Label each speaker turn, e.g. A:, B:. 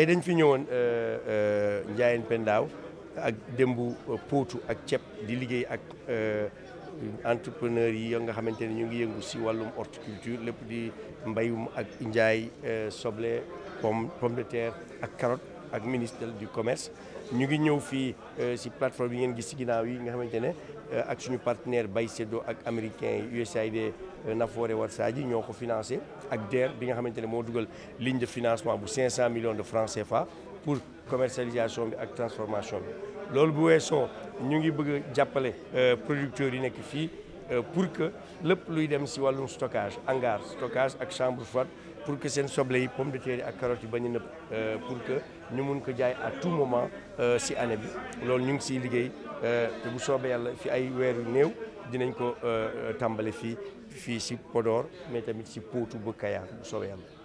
A: tey dañ fi ñëwoon euh, euh, Ndiayène Pendaaw ak démbu Potou ak ceeb di liggéey ak euh, entrepreneur yi nga xamante ne ñu ngi yëngu si wàllum horticulture lépp di mbayum ak njaay soble pomme pomme de terre ak carotte le ministre du commerce Nous avons ñëw cette euh, plateforme qui nous gis avec ginnaaw yi nga euh, partenaire Bay USAID euh, Nafoore Warsaji financé ak DER bi nga une ligne de financement de 500 millions de francs CFA pour commercialisation et la transformation Nous avons bu nous ñu ngi bëgg producteurs yi nekk Euh, pour que lépp luy dem si wàllum stockage hangar stockage ak chambre froide pour que seen soble yi pomme de terre yi ak carotte yi bañ a nëb euh, pour que ñu mun ko jaay à tout moment si euh, année bi loolu ñu ngi siy liggéey te bu soobee yàlla fi ay weer yu néew dinañ ko tàmbali fii fii si Podor mais tamit si Potou ba Kayar bu soobee yàlla.